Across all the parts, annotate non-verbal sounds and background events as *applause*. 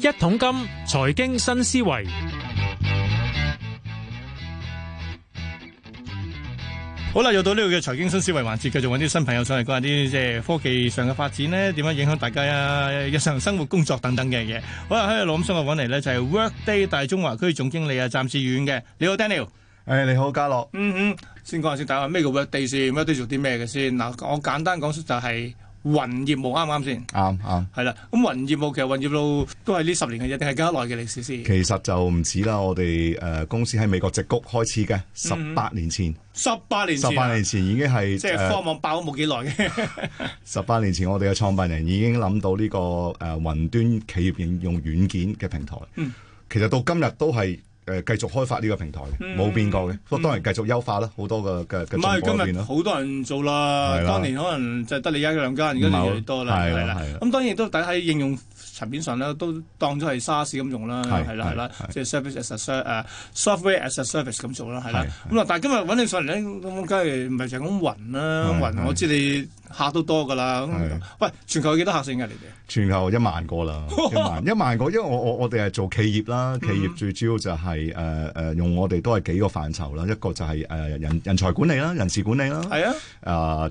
一桶金財經新思維，好啦，又到呢個嘅財經新思維環節，繼續揾啲新朋友上嚟講下啲即係科技上嘅發展咧，點樣影響大家啊日常生活、工作等等嘅嘢。好啦，喺度老咁辛苦揾嚟咧，就係、是、Workday 大中華區總經理啊，湛致遠嘅。你好，Daniel。誒、哎，你好，嘉樂。嗯嗯，先講下先講，打下咩叫 Workday 先，Workday 做啲咩嘅先。嗱，我簡單講就係、是。雲業務啱唔啱先？啱啱係啦，咁雲業務其實雲業務都係呢十年嘅一定係幾耐嘅歷史先？其實就唔止啦，我哋誒、呃、公司喺美國矽谷開始嘅十八年前，十八、嗯嗯、年前十八年、啊、年前已經係即係科網爆咗冇幾耐嘅十八年前，我哋嘅創辦人已經諗到呢、這個誒雲、呃、端企業應用軟件嘅平台，嗯、其實到今日都係。誒，繼續開發呢個平台，冇變過嘅，都當然繼續優化啦，好多嘅嘅嘅進步今日好多人做啦，當年可能就得你一兩間，而家就好多啦，係啦，咁當然都喺應用層面上咧，都當咗係沙士咁用啦，係啦，係啦，即係 service as a service 誒，software as a service 咁做啦，係啦。咁啊，但係今日揾你上嚟咧，咁梗係唔係就咁雲啦，雲，我知你。客都多噶啦，是喂，全球有幾多客先啊？你哋全球一萬個啦， *laughs* 一萬一萬個，因為我我我哋係做企業啦，企業最主要就係誒誒用我哋都係幾個範疇啦，一個就係、是、誒、呃、人人才管理啦，人事管理啦，係啊，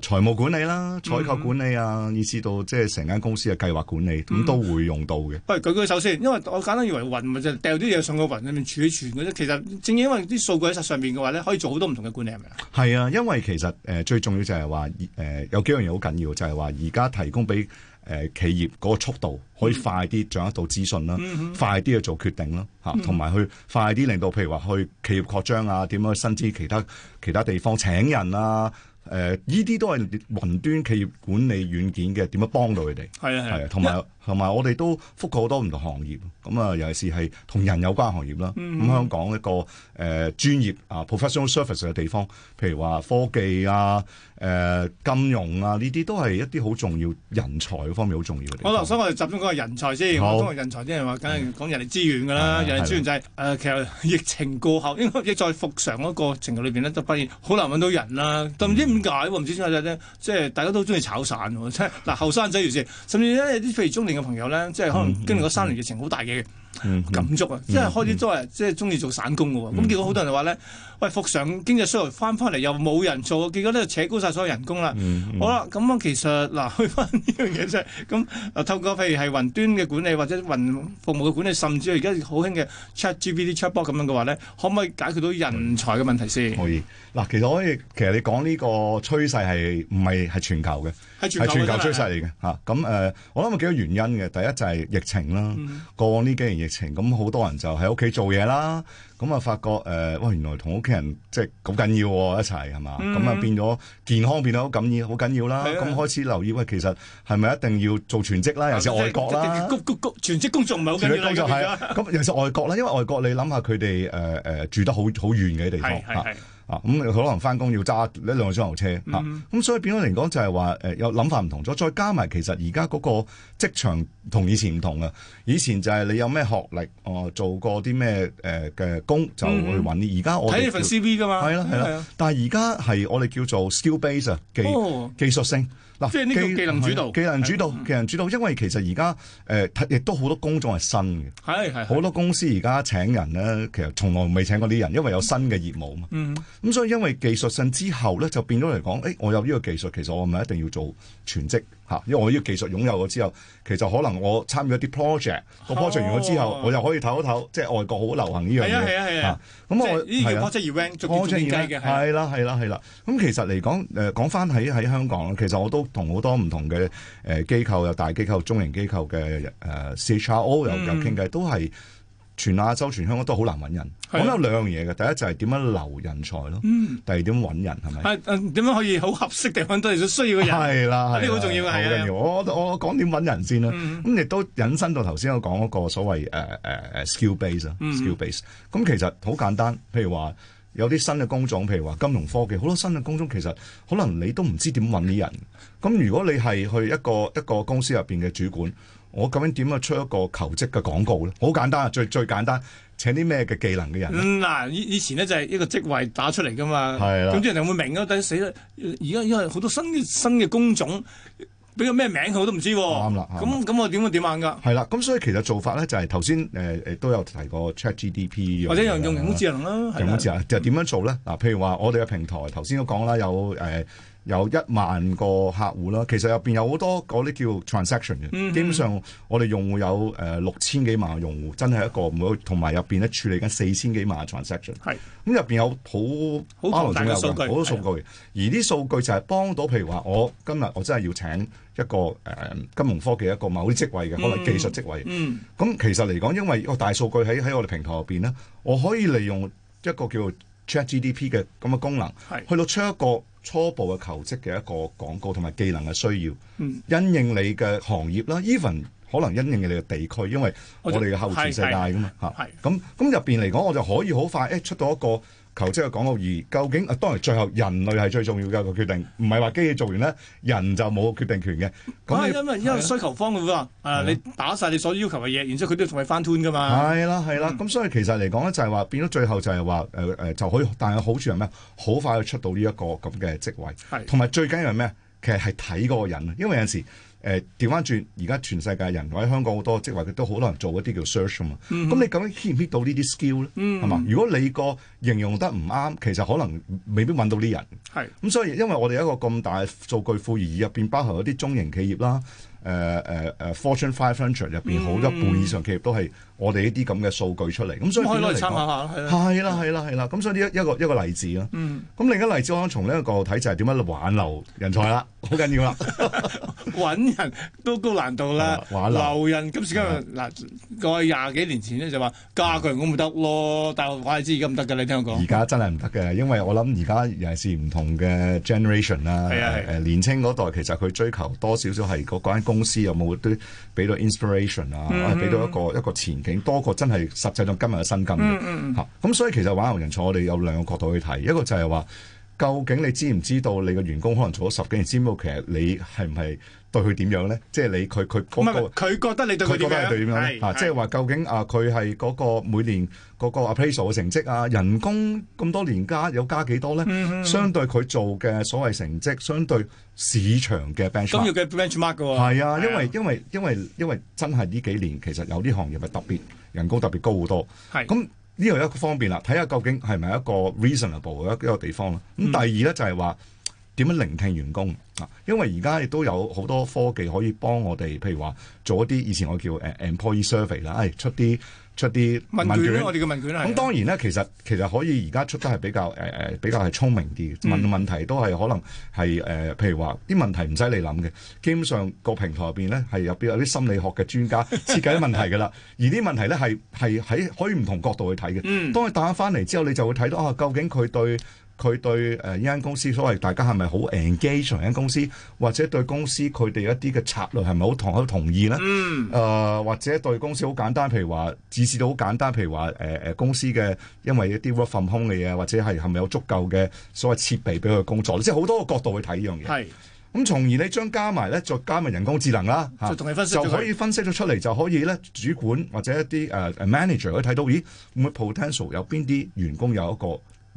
誒財、呃、務管理啦，採購管理啊，嗯、意思到即係成間公司嘅計劃管理，咁、嗯嗯、都會用到嘅。唔係舉舉手先，因為我簡單以為雲咪就掉啲嘢上個雲裏面儲存嘅啫。其實正因為啲數據喺實上面嘅話咧，可以做好多唔同嘅管理，係咪啊？係啊，因為其實誒、呃、最重要就係話誒有幾樣嘢。好緊要就係話而家提供俾誒、呃、企業嗰個速度可以快啲，掌握到資訊啦，嗯、哼快啲去做決定啦，吓、啊，同埋、嗯、哼去快啲令到譬如話去企業擴張啊，點樣增資其他其他地方請人啊，誒、呃，呢啲都係雲端企業管理軟件嘅，點樣幫到佢哋？係啊，係啊，同埋。有同埋我哋都覆過好多唔同行業，咁啊，尤其是係同人有關行業啦。咁、嗯、香港一個誒、呃、專業啊 professional service 嘅地方，譬如話科技啊、誒、啊、金融啊呢啲，都係一啲好重要人才方面好重要嘅地方。好，所以我哋集中講下人才好先。我才好，講下人才啲人話，梗係講人力資源㗎啦，嗯、人力資源就係、是、誒、呃，其實疫情過後，應該亦在復常嗰個過程裏邊咧，就都發現好難揾到人啦。但嗯啊、就唔知點解，唔知點解咧，即係大家都中意炒散，即係嗱後生仔尤其是，甚至咧譬如中年，嘅朋友咧，即係、嗯嗯、可能經歷過三年疫情好大嘅、嗯嗯、感觸啊！嗯嗯、即係開始多人即係中意做散工嘅喎，咁結果好多人話咧，喂，復常經濟需求翻翻嚟，又冇人做，結果咧扯高晒所有人工啦。嗯嗯、好啦，咁、嗯、啊，其實嗱，去翻呢樣嘢啫。咁啊，透過譬如係雲端嘅管理，或者雲服務嘅管理，甚至係而家好興嘅 Chat GPT、Chatbot 咁樣嘅話咧，可唔可以解決到人才嘅問題先、嗯？可以嗱，其實可以。其實你講呢個趨勢係唔係係全球嘅？係全球趨勢嚟嘅嚇，咁誒、啊呃，我諗有幾個原因嘅。第一就係、是、疫情啦，嗯、過往呢幾年疫情，咁好多人就喺屋企做嘢啦，咁啊發覺誒，哇、呃、原來同屋企人即係好緊要一齊係嘛，咁啊、嗯、變咗健康變得好緊要，好緊要啦，咁開始留意，喂，其實係咪一定要做全職啦，尤其是外國啦，全職工作唔係好緊要啦，係啊，咁尤其是外國啦，因為外國你諗下佢哋誒誒住得好好遠嘅地方是咁、嗯、可能翻工要揸呢兩個鐘頭車啊，咁、mm hmm. 嗯、所以變咗嚟講就係話，誒、呃、有諗法唔同咗，再加埋其實而家嗰個職場同以前唔同啊，以前就係你有咩學歷，哦、呃，做過啲咩誒嘅工就會搵你，而家我睇呢、嗯、份 C V 噶嘛，係啦係啦，的但係而家係我哋叫做 skill base 啊，oh. 技技術性。即係呢個技能主導，技能主導，嗎技能主導，因為其實而家誒亦都好多工種係新嘅，係係好多公司而家請人咧，其實從來未請過啲人，因為有新嘅業務啊嘛，嗯，咁所以因為技術上之後咧，就變咗嚟講，誒、哎，我有呢個技術，其實我唔係一定要做全職。因為我呢個技術擁有咗之後，其實可能我參與一啲 project，個 project 完咗之後，我又可以唞一唞，即、就、係、是、外國好流行呢樣嘢 *music* 啊，啊。咁、啊啊、我呢個 project 要 pro van、啊、做啲傾偈嘅。係啦係啦係啦。咁、啊啊啊啊、其實嚟講誒、呃，講返喺喺香港，其實我都同好多唔同嘅誒機構，有大機構、中型機構嘅誒、呃、CHRO 有、嗯、有傾偈，都係。全亞洲、全香港都好難揾人，我有兩樣嘢嘅。第一就係點樣留人才咯，第二點揾人係咪？誒誒，點樣可以好合適地揾到啲需要嘅人？係啦，呢個好重要嘅係啊！我我講點揾人先啦，咁亦都引申到頭先我講嗰個所謂誒誒誒 skill base 啊，skill base。咁其實好簡單，譬如話有啲新嘅工種，譬如話金融科技，好多新嘅工種其實可能你都唔知點揾呢人。咁如果你係去一個一個公司入邊嘅主管。我究竟點樣出一個求職嘅廣告咧？好簡單，最最簡單，請啲咩嘅技能嘅人。嗱、嗯，以以前咧就係一個職位打出嚟噶嘛，總之，人哋會明咯。點死咧？而家因為好多新新嘅工種，俾個咩名佢都唔知。啱啦。咁咁我點會點樣？噶。係啦。咁所以其實做法咧就係頭先誒誒都有提過 ChatGDP 或者用用人工智能啦。人工智能，工智能就點樣做咧？嗱、嗯，譬如話我哋嘅平台頭先都講啦，有誒。呃有一萬個客戶啦，其實入邊有好多嗰啲叫 transaction 嘅、嗯哼，基本上我哋用戶有誒六千幾萬個用戶，真係一個每，同埋入邊咧處理緊四千幾萬嘅 transaction 是。係，咁入邊有好大量數據好據多數據，的而啲數據就係幫到，譬如話我今日我真係要請一個誒、呃、金融科技一個某啲職位嘅，嗯、可能技術職位。咁、嗯、其實嚟講，因為個大數據喺喺我哋平台入邊咧，我可以利用一個叫做，一個叫做一個。check GDP 嘅咁嘅功能，係是去到出一個初步嘅求職嘅一個廣告同埋技能嘅需要，嗯，因應你嘅行業啦，even 可能因應你嘅地區，因為我哋嘅後端世界噶嘛吓，係咁咁入邊嚟講，我就可以好快誒出到一個。求職嘅廣告而究竟啊，當然最後人類係最重要嘅個決定，唔係話機器做完咧，人就冇決定權嘅。唔係、啊、因為因為需求方嘅話，的啊你打晒你所要求嘅嘢，然之後佢都要同你翻 turn 噶嘛。係啦係啦，咁、嗯嗯、所以其實嚟講咧就係話變咗最後就係話誒誒，就可以，但係好處係咩？好快就出到呢一個咁嘅職位，係同埋最緊要係咩？其實係睇嗰個人，因為有陣時。誒調翻轉，而家全世界人或者香港好多職位，佢都好多人做一啲叫 search 嘛。咁你究竟 hit 唔 hit 到呢啲 skill 咧？係嘛？如果你個形容得唔啱，其實可能未必搵到啲人。係咁，所以因為我哋一個咁大數據庫，而入邊包含一啲中型企業啦，誒誒誒 Fortune Five Hundred 入邊好多倍以上企業都係我哋呢啲咁嘅數據出嚟。咁所以可以攞嚟參考下。係啦，係啦，係啦。咁所以呢一個一個例子啦。嗯。咁另一個例子，我想從呢一個角度睇就係點樣挽留人才啦，好緊要啦。揾 *laughs* 人都高難度啦，啊、玩留人今時今日嗱的，過去廿幾年前咧就話加佢我咪得咯，的但係我係知而家唔得嘅，你聽我講。而家真係唔得嘅，因為我諗而家尤其係唔同嘅 generation 啦的，誒、呃、年青嗰代其實佢追求多少少係嗰間公司有冇啲俾到 inspiration 啊，俾、嗯嗯啊、到一個一個前景多過真係實際到今日嘅薪金嘅咁、嗯嗯嗯啊嗯、所以其實挽留人才，我哋有兩個角度去睇，一個就係話。究竟你知唔知道你嘅員工可能做咗十幾年 job，其實你係唔係對佢點樣咧？即係你佢佢唔係佢覺得你對佢點樣啊？即係話究竟啊，佢係嗰個每年嗰個 appraisal 嘅成績啊，人工咁多年加有加幾多咧？相對佢做嘅所謂成績，相對市場嘅 benchmark。今日嘅 benchmark 噶喎。係啊，因為因為因為因為真係呢幾年其實有啲行業係特別人工特別高好多。係咁。呢度一個方便啦，睇下究竟係咪一個 reasonable 嘅一一個地方啦。咁第二咧就係話點樣聆聽員工啊，因為而家亦都有好多科技可以幫我哋，譬如話做一啲以前我叫誒 employee survey 啦、哎，誒出啲，出啲問卷，我哋嘅問卷咧，咁當然咧，其實其實可以而家出得係比較誒誒、呃、比較係聰明啲問、嗯、問題都係可能係誒、呃，譬如話啲問題唔使你諗嘅，基本上個平台入邊咧係入邊有啲心理學嘅專家設計啲問題噶啦， *laughs* 而啲問題咧係係喺可以唔同角度去睇嘅。嗯，當佢打翻嚟之後，你就會睇到啊，究竟佢對。佢對誒呢間公司所謂，大家係咪好 engagement？公司或者對公司佢哋一啲嘅策略係咪好同好同意咧？誒、mm. 呃、或者對公司好簡單，譬如話，至少好簡單，譬如話誒誒公司嘅因為一啲 work from home 嘅嘢，或者係係咪有足夠嘅所謂設備俾佢工作？即係好多個角度去睇呢樣嘢。咁是從而你將加埋咧，再加埋人工智能啦，就可以分析咗出嚟，就可以咧主管或者一啲誒、uh, manager 可以睇到咦，會唔會 potential 有邊啲員工有一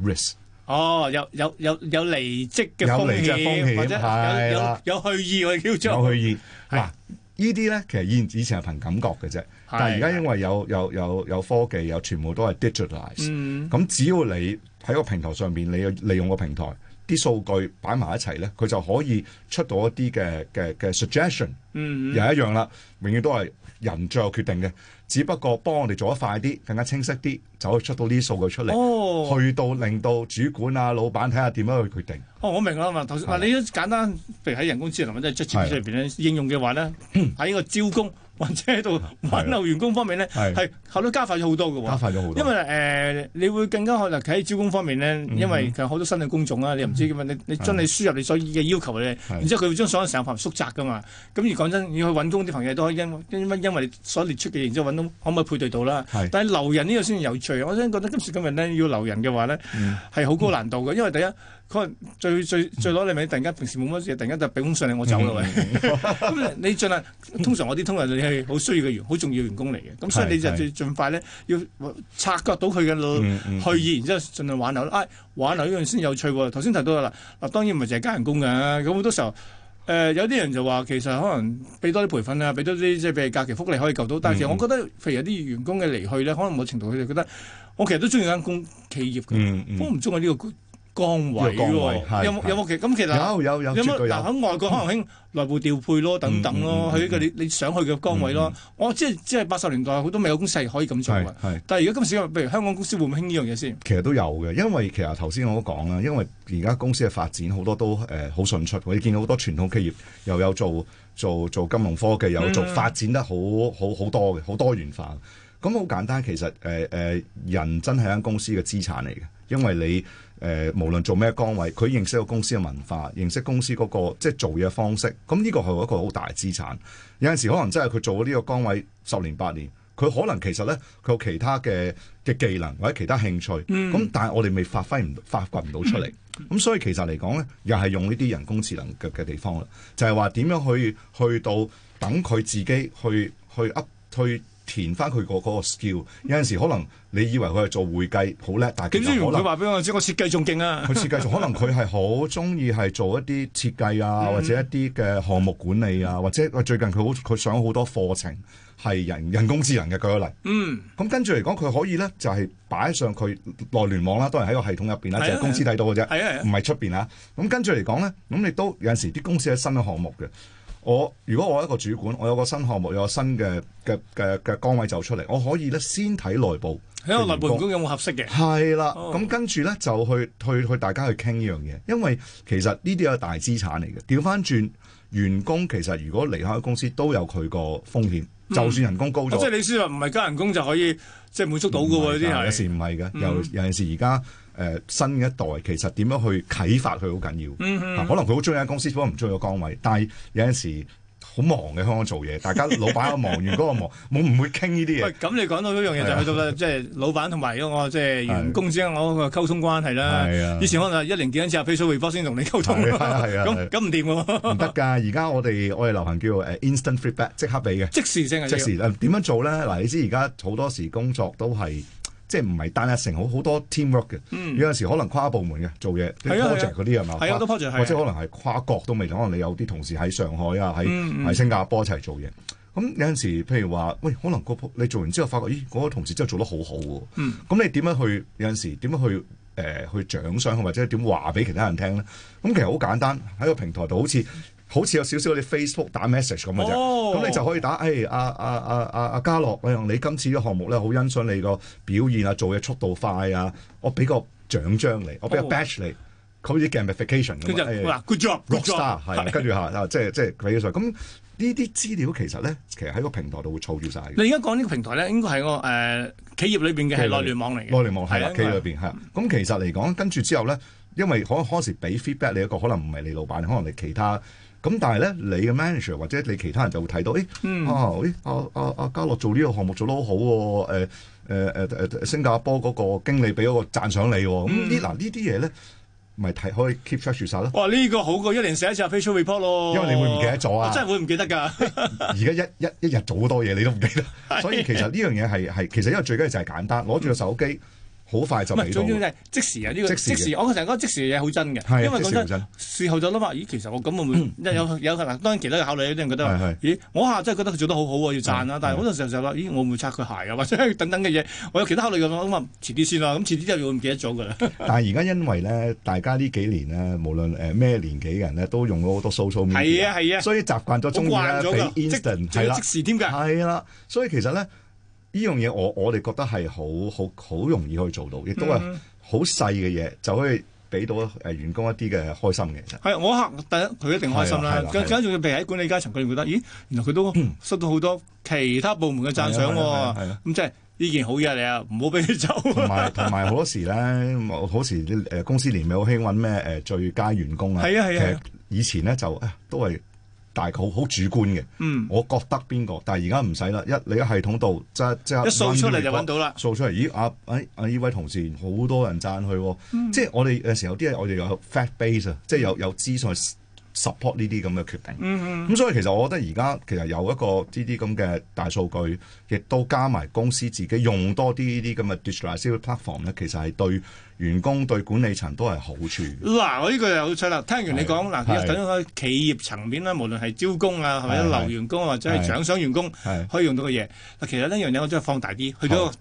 個 risk。哦，有有有有離職嘅風氣，或者有的有,有,有去意，我叫做有去意。嗱的，呢啲咧，其實以以前係憑感覺嘅啫，的但係而家因為有有有有科技，有全部都係 digitalize。嗯。咁只要你喺個平台上面，你利用個平台啲數據擺埋一齊咧，佢就可以出到一啲嘅嘅嘅 suggestion。嗯，又一樣啦，永遠都係人最後決定嘅。只不過幫我哋做得快啲，更加清晰啲，就可以出到呢啲數據出嚟，oh. 去到令到主管啊、老闆睇下點樣去決定。哦，oh, 我明啦嘛，頭先，的你都簡單，譬如喺人工智能或者出錢出邊咧應用嘅話咧，喺呢 *coughs* 個招工。或者喺度挽留員工方面咧，係後都加快咗好多嘅喎、啊，加快咗好多。因為誒、呃，你會更加可能喺招工方面咧，嗯、哼因為其實好多新嘅工種啊，你唔知點啊，嗯、哼你你將你輸入你所嘅要求咧，嗯、哼然之後佢會將所有成份縮窄噶嘛。咁而講真，要去揾工啲朋友都可以因因為你所列出嘅認真揾到可唔可以配對到啦？是但係留人呢個先有趣。我真覺得今時今日咧要留人嘅話咧，係好、嗯、高難度嘅，因為第一。嗯可能最最最攞你咪突然間平時冇乜嘢，突然間就俾封信你，我走啦喂！咁你你盡量通常我啲同仁你係好需要嘅員，好重要員工嚟嘅，咁所以你就要盡快咧要察覺到佢嘅去意，然之後盡量挽留。哎，挽留呢樣先有趣喎！頭先提到啦，嗱當然唔係淨係加人工㗎，咁好多時候誒、呃、有啲人就話其實可能俾多啲培訓啊，俾多啲即係譬如假期福利可以救到，但係我覺得譬如有啲員工嘅離去咧，可能某程度佢哋覺得我其實都中意間工企業嘅，我唔中意呢個。嗯嗯崗位喎，有有冇其咁？其實有有有，但喺外國可能興內部調配咯，等等咯，去呢個你你想去嘅崗位咯。我即係即係八十年代，好多未有公司係可以咁做嘅。係，但係而家今時今日，譬如香港公司會唔會興呢樣嘢先？其實都有嘅，因為其實頭先我都講啦，因為而家公司嘅發展好多都誒好迅速，我哋見到好多傳統企業又有做做做金融科技，又有做發展得好好好多嘅，好多元化。咁好簡單，其實誒誒、呃，人真係間公司嘅資產嚟嘅，因為你誒、呃、無論做咩崗位，佢認識個公司嘅文化，認識公司嗰、嗰個即係做嘢方式，咁呢個係一個好大嘅資產。有陣時可能真係佢做咗呢個崗位十年八年，佢可能其實咧佢有其他嘅嘅技能或者其他興趣，咁、嗯、但係我哋未發揮唔發掘唔到出嚟。咁所以其實嚟講咧，又係用呢啲人工智能嘅嘅地方啦，就係話點樣去去到等佢自己去去噏去。填翻佢個嗰個 skill，有陣時可能你以為佢係做會計好叻，但係佢可能話俾我知，我設計仲勁啊！佢 *laughs* 設計仲可能佢係好中意係做一啲設計啊，嗯、或者一啲嘅項目管理啊，或者最近佢好佢上好多課程係人人工智能嘅，舉個例，嗯嗯。嗯，咁跟住嚟講，佢可以咧就係、是、擺上佢內聯網啦、啊，都係喺個系統入邊啦，就係公司睇到嘅啫，係唔係出邊啊。咁、啊、的的跟住嚟講咧，咁你，你都有陣時啲公司有，時有，時有時的新嘅項目嘅。我如果我一個主管，我有個新項目，有個新嘅嘅嘅嘅崗位就出嚟，我可以咧先睇內部，睇下內部員工有冇合適嘅。係啦的，咁、oh. 跟住咧就去去去大家去傾呢樣嘢，因為其實呢啲係大資產嚟嘅。調翻轉員工其實如果離開公司都有佢個風險，嗯、就算人工高咗、啊，即係你係話唔係加人工就可以即係滿足到嘅喎，啲係有陣時唔係嘅，嗯、有有陣時而家。誒新一代其實點樣去啟發佢好緊要，可能佢好中意間公司，可能唔中意個崗位。但係有陣時好忙嘅香港做嘢，大家老闆又忙完嗰個忙，冇唔會傾呢啲嘢。咁你講到呢樣嘢就去到即係老闆同埋嗰個即係員工之間嗰個溝通關係啦。以前可能一年幾一次飛書回報先同你溝通，係啊，咁咁唔掂㗎喎，唔得㗎。而家我哋我哋流行叫做誒 instant feedback 即刻俾嘅，即時性即時誒點樣做咧？嗱，你知而家好多時工作都係。即係唔係單一成好好多 teamwork 嘅，嗯、有陣時可能跨部門嘅做嘢 project 嗰啲係嘛，嗯、或者可能係跨國都未，可能你有啲同事喺上海啊，喺新加坡一齊做嘢。咁、嗯、有陣時，譬如話，喂，可能個你做完之後發覺，咦，嗰、嗰個同事真係做得好好、啊、喎。咁、嗯、你點樣去有陣時點樣去誒、呃、去獎賞，或者點話俾其他人聽咧？咁其實好簡單，喺個平台度好似。好似有少少嗰啲 Facebook 打 message 咁嘅啫，咁你就可以打，誒阿阿阿阿阿家樂，你你今次嘅項目咧，好欣賞你個表現啊，做嘢速度快啊，我俾個獎章你，我俾個 badge 你，好似 gamification 咁啊，嗱 good job rock star 係跟住嚇，即係即係俾咁呢啲資料其實咧，其實喺個平台度會儲住晒。你而家講呢個平台咧，應該係個誒企業裏邊嘅係內聯網嚟嘅。內聯網係啦，企業裏邊係。咁其實嚟講，跟住之後咧，因為可能開始俾 feedback 你一個，可能唔係你老闆，可能你其他。咁但係咧，你嘅 manager 或者你其他人就會睇到，誒、欸嗯啊，啊，誒、啊，阿阿阿嘉樂做呢個項目做得好喎、啊，誒、啊，誒、啊，誒，誒，新加坡嗰個經理俾個讚賞你喎、啊，咁、嗯、呢嗱呢啲嘢咧，咪睇可以 keep track 住曬咯。哇，呢、呢個好過一年寫一次 official report 咯。因為你會唔記得咗啊？真係會唔記得㗎？而 *laughs* 家一一一日做好多嘢，你都唔記得。的所以其實呢樣嘢係係其實因為最緊要就係簡單，攞住個手機。嗯好快就唔係，最即時啊！呢個即時，我成日覺得即時嘢好真嘅，因為講真，事後就諗下，咦，其實我咁會唔會有有嗱？當然其他嘅考慮有啲人覺得，咦，我下真係覺得佢做得好好啊，要讚啦！但係好多時候就話，咦，我會唔會拆佢鞋啊，或者等等嘅嘢？我有其他考慮嘅咁啊，遲啲先啦，咁遲啲真係會唔記得咗嘅啦。但係而家因為咧，大家呢幾年咧，無論誒咩年紀嘅人咧，都用咗好多 social media，係啊係啊，所以習慣咗中意啦 instant 即時添㗎。係啦，所以其實咧。呢樣嘢我我哋覺得係好好好容易可以做到，亦都係好細嘅嘢就可以俾到誒員工一啲嘅開心嘅。其實係我嚇第一佢一定開心啦，更加重要譬如喺管理階層佢哋覺得咦原來佢都收到好多其他部門嘅讚賞喎，咁即係呢件好嘢嚟啊！唔好俾佢走。同埋同埋好多時咧，好多時誒公司年尾好興揾咩誒最佳員工啊，其實以前咧就都係。大概好好主觀嘅。嗯、我覺得邊個，但係而家唔使啦，一你喺系統度即即一掃出嚟就揾到啦，掃出嚟，咦啊，哎啊呢、啊啊、位同事好多人贊佢，啊，嗯、即係我哋有時候有啲係我哋有 fat base 啊，即係有有資訊。support 呢啲咁嘅決定，咁、嗯哼嗯、所以其實我覺得而家其實有一個呢啲咁嘅大數據，亦都加埋公司自己用多啲呢啲咁嘅 digitalized platform 咧，其實係對員工對管理層都係好處。嗱，我呢個又好出啦，聽完你講嗱，其實是是等於企業層面啦，無論係招工啊，係咪是留員工或者係獎賞員工，是是可以用到嘅嘢，其實呢樣嘢我真係放大啲去咗。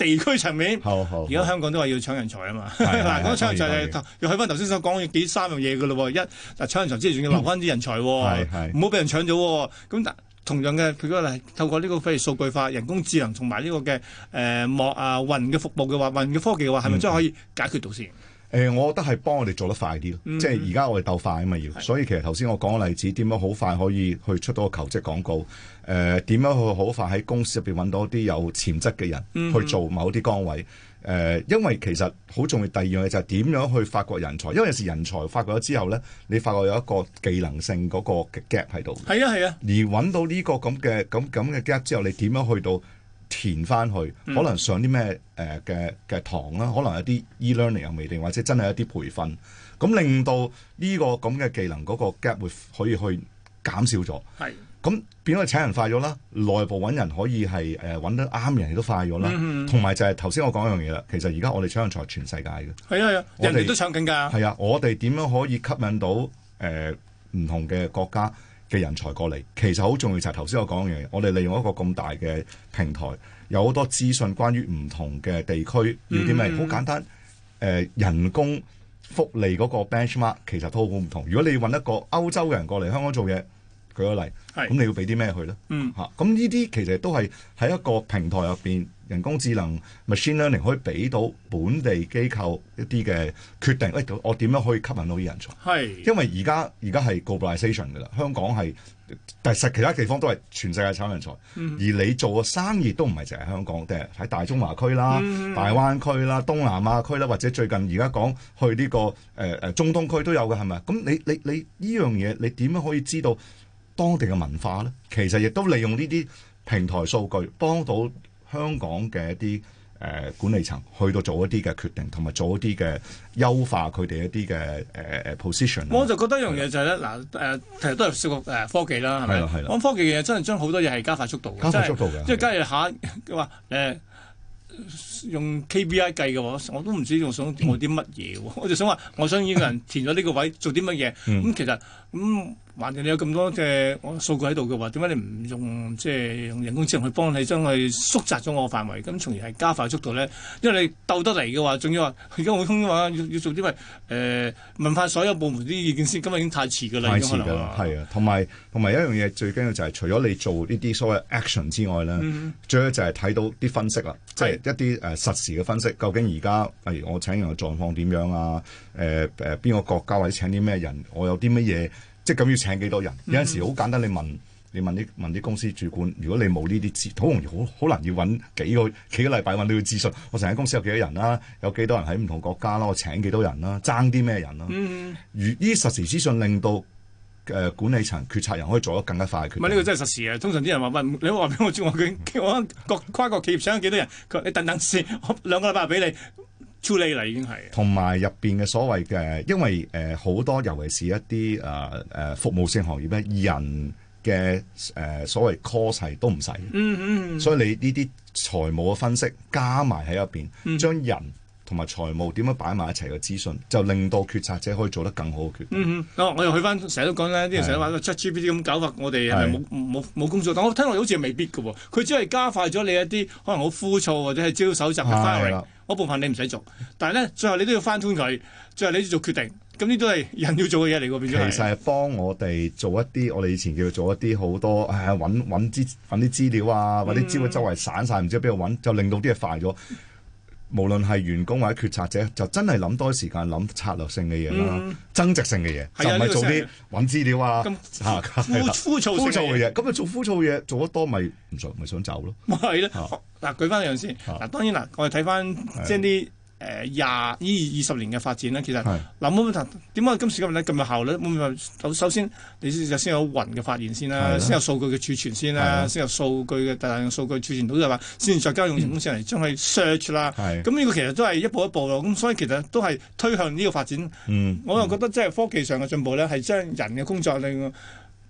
地區層面，而家香港都話要搶人才啊嘛，嗱是，講 *laughs* 搶人才又去翻頭先所講嘅幾三樣嘢嘅咯喎，一嗱搶人才之前仲要留翻啲人才、哦，唔好俾人搶咗、哦。咁但同樣嘅，佢嗰個透過呢、呢個譬如數據化、人工智能同埋呢個嘅誒莫啊雲嘅服務嘅話，雲嘅科技嘅話，係咪真係可以解決到先？誒、呃，我覺得係幫我哋做得快啲咯，嗯、哼即係而家我哋鬥快啊嘛要，的所以其實頭先我講嘅例子，點樣好快可以去出到個求職廣告？誒、呃，點樣去好快喺公司入邊揾到啲有潛質嘅人、嗯、哼去做某啲崗位？誒、呃，因為其實好重要第二樣嘢就係、是、點樣去發掘人才，因為有時人才發掘咗之後咧，你發掘有一個技能性嗰個 gap 喺度，係啊係啊，而揾到呢個咁嘅咁咁嘅 gap 之後，你點樣去到？填翻去，嗯、可能上啲咩誒嘅嘅堂啦，可能有啲 e-learning 又未定，learning, 或者真係一啲培訓，咁令到呢個咁嘅技能嗰個 gap 會可以去減少咗。係是，咁變咗請人快咗啦，內部揾人可以係誒揾得啱人亦都快咗啦，同埋、嗯、哼就係頭先我講一樣嘢啦，其實而家我哋搶人才全世界嘅，係啊，啊們人哋都搶緊㗎。係啊，我哋點樣可以吸引到誒、呃呃、唔同嘅國家？嘅人才過嚟，其實好重要就係頭先我講嘅嘢，我哋利用一個咁大嘅平台，有好多資訊關於唔同嘅地區要啲咩，好簡單。誒、呃、人工福利嗰個 benchmark 其實都好唔同。如果你要揾一個歐洲嘅人過嚟香港做嘢，舉個例，咁是你要俾啲咩佢咧？嗯，嚇、啊，咁呢啲其實都係喺一個平台入邊。人工智能 machine learning 可以俾到本地機構一啲嘅決定，誒、哎，我點樣可以吸引到啲人才？係是，因為而家而家係 globalisation 嘅啦，香港係，但係實其他地方都係全世界搶人才，嗯、而你做嘅生意都唔係淨係香港，嘅，喺大中華區啦、嗯、大灣區啦、東南亞區啦，或者最近而家講去呢、這個誒誒、呃、中東區都有嘅，係咪？咁你你你呢樣嘢，你點樣，樣可以知道當地嘅文化咧？其實亦都利用呢啲平台數據幫到。香港嘅一啲誒、呃、管理層去到做一啲嘅決定，同埋做一啲嘅優化，佢哋一啲嘅誒誒 position。我就覺得一樣嘢就係、是、咧，嗱誒的、呃，其實都係涉及誒科技啦，係咪？講科技嘢真係將好多嘢係加快速度嘅，加快速度嘅。即係加下佢話誒，用 KPI 計嘅話，我都唔知仲想我啲乜嘢，我就想話，我想要個人填咗呢個位做啲乜嘢。咁、嗯嗯、其實咁。嗯反正你有咁多嘅我數據喺度嘅話，點解你唔用即係，就是，用人工智能去幫你將佢縮窄咗我範圍，咁從而係加快速度咧。因為你鬥得嚟嘅話，仲要話而家好通嘅話要要做啲咩？誒、呃、問返所有部門啲意見先。今日已經太遲㗎啦，已經可能係啊。同埋同埋一樣嘢，最緊要就係除咗你做呢啲所謂 action 之外咧，嗯嗯嗯最緊要就係睇到啲分析啦，的即係一啲誒實時嘅分析。究竟而家例如我請人嘅狀況點樣啊？誒誒邊個國家或者請啲咩人？我有啲乜嘢？即咁要請幾多人？有陣時好簡單，你問你問啲問啲公司主管。如果你冇呢啲資，好容易好好難要揾幾個幾個禮拜揾都要資訊。我成間公司有幾多人啦、啊？有幾多人喺唔同國家啦、啊？我請幾多人啦、啊？爭啲咩人啦、啊？如呢啲實時資訊令到誒、呃、管理層決策人可以做得更加快嘅決定，佢唔係呢個真係實時啊！通常啲人話問你話俾我知，我佢我各跨國企業請幾多人？佢等等先，我兩個禮拜俾你。處理啦，已經係。同埋入邊嘅所謂嘅，因為誒好多，尤其是一啲誒誒服務性行業咧，人嘅誒所謂 course 係都唔使。嗯嗯。所以你呢啲財務嘅分析加埋喺入邊，將人。同埋財務點樣擺埋一齊嘅資訊，就令到決策者可以做得更好嘅決定。嗯、哦、我又去翻，成日都講咧，啲人成日話 ChatGPT 咁搞法，我哋係咪冇冇冇工作？但我聽落好似未必嘅喎。佢只係加快咗你一啲可能好枯燥或者係招手集嘅 firing 嗰部分，你唔使做。但係咧，最後你都要 fine-tune 佢，最後你都要做決定，咁呢都係人要做嘅嘢嚟嘅，變咗。其實係幫我哋做一啲我哋以前叫做做一啲好多揾啲資，資料啊，或者資料、嗯、周圍散晒，唔知邊度揾，就令到啲嘢快咗。無論係員工或者決策者，就真係諗多時間諗策略性嘅嘢啦，增值性嘅嘢，就唔係做啲搵資料啊，枯枯燥嘅嘢。咁啊，做枯燥嘅嘢做得多咪唔想咪想走咯。係啦，嗱，舉翻樣先。嗱，當然嗱，我哋睇翻即啲。誒廿依二十年嘅發展咧，其實嗱，冇冇點解今時今日咁有效率？首先，你先有雲嘅發現先啦，的先有數據嘅儲存先啦，的先有數據嘅大量數據儲存到就係話，先再交用人工智能嚟將佢 search 啦。咁呢的個其實都係一步一步咯。咁所以其實都係推向呢個發展。嗯、我又覺得即係科技上嘅進步咧，係將人嘅工作力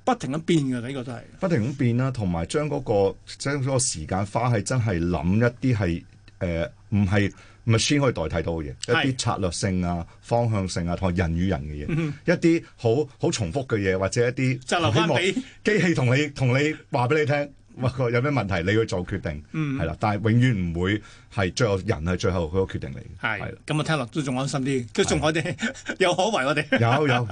不停咁變嘅。呢、呢個都係不停咁變啦，同埋將嗰、嗰個將嗰個時間花喺真係諗一啲係誒唔係。呃機器可以代替到嘅嘢，一啲策略性啊、方向性啊，同人與人嘅嘢，嗯、哼一啲好好重複嘅嘢，或者一啲就留翻俾機器同你同你話俾你聽。 *laughs* 有咩問題你去做決定，係啦，嗯，但係永遠唔會係最後，人係最後嗰個決定嚟嘅。係，咁啊聽落都仲安心啲，都仲我哋有可為我哋。有有，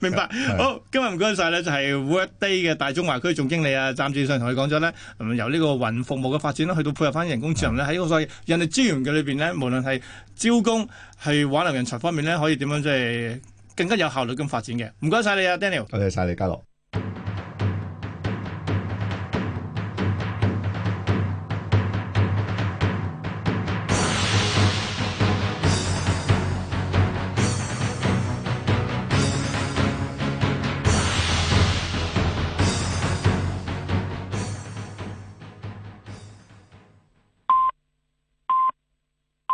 明白。好，今日唔該晒呢就係，是，Workday 嘅大中華區總經理啊，暫時上同你講咗呢，由呢個雲服務嘅發展咧，去到配合翻的人工智能呢，喺所謂人力資源嘅裏邊呢，無論係招工、係挽留人才方面呢，可以點樣即係更加有效率咁發展嘅。唔該晒你啊，Daniel。多謝晒你，嘉樂。